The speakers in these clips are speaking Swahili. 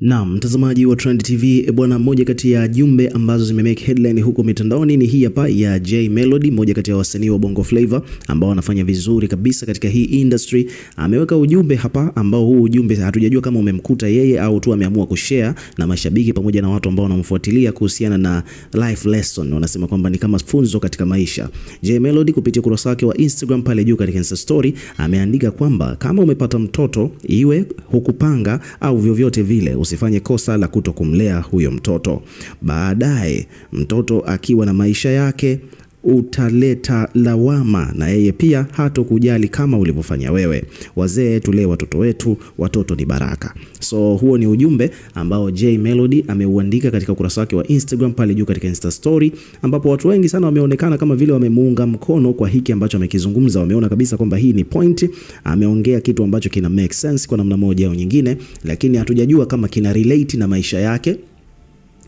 Na mtazamaji wa Trend TV e bwana, mmoja kati ya jumbe ambazo zimemake headline huko mitandaoni ni hii hapa ya J Melody, mmoja kati ya wasanii wa Bongo Flava ambao wanafanya vizuri kabisa katika hii industry. Ameweka ujumbe hapa, ambao huu ujumbe hatujajua kama umemkuta yeye au tu ameamua kushare na mashabiki pamoja na watu ambao wanamfuatilia kuhusiana na life lesson. Wanasema kwamba ni kama funzo katika maisha. J Melody kupitia ukurasa wake wa Instagram pale juu katika Insta story ameandika kwamba kama umepata mtoto, iwe hukupanga au vyovyote vile usifanye kosa la kuto kumlea huyo mtoto. Baadaye mtoto akiwa na maisha yake utaleta lawama na yeye pia hatokujali kama ulivyofanya wewe. Wazee tulee watoto wetu, watoto ni baraka. So huo ni ujumbe ambao Jay Melody ameuandika katika ukurasa wake wa Instagram pale juu katika Insta story, ambapo watu wengi sana wameonekana kama vile wamemuunga mkono kwa hiki ambacho amekizungumza. Wameona kabisa kwamba hii ni point, ameongea kitu ambacho kina make sense kwa namna moja au nyingine, lakini hatujajua kama kina relate na maisha yake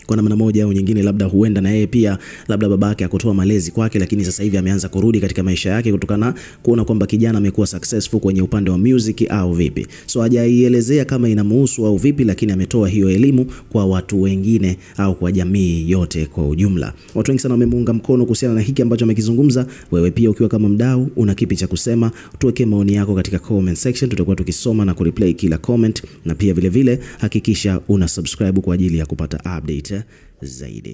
kwa namna moja au nyingine, labda huenda na yeye pia labda babake akotoa malezi kwake, lakini sasa hivi ameanza kurudi katika maisha yake kutokana kuona kwamba kijana amekuwa successful kwenye upande wa music au vipi. So hajaielezea kama inamuhusu au vipi, lakini ametoa hiyo elimu kwa watu wengine au kwa jamii yote kwa ujumla. Watu wengi sana wamemuunga mkono kuhusiana na hiki ambacho amekizungumza. Wewe pia ukiwa kama mdau, una kipi cha kusema? Tuwekee maoni yako katika comment section, tutakuwa tukisoma na kureplay kila comment, na pia vilevile vile, hakikisha una subscribe kwa ajili ya kupata update እዛ ይደ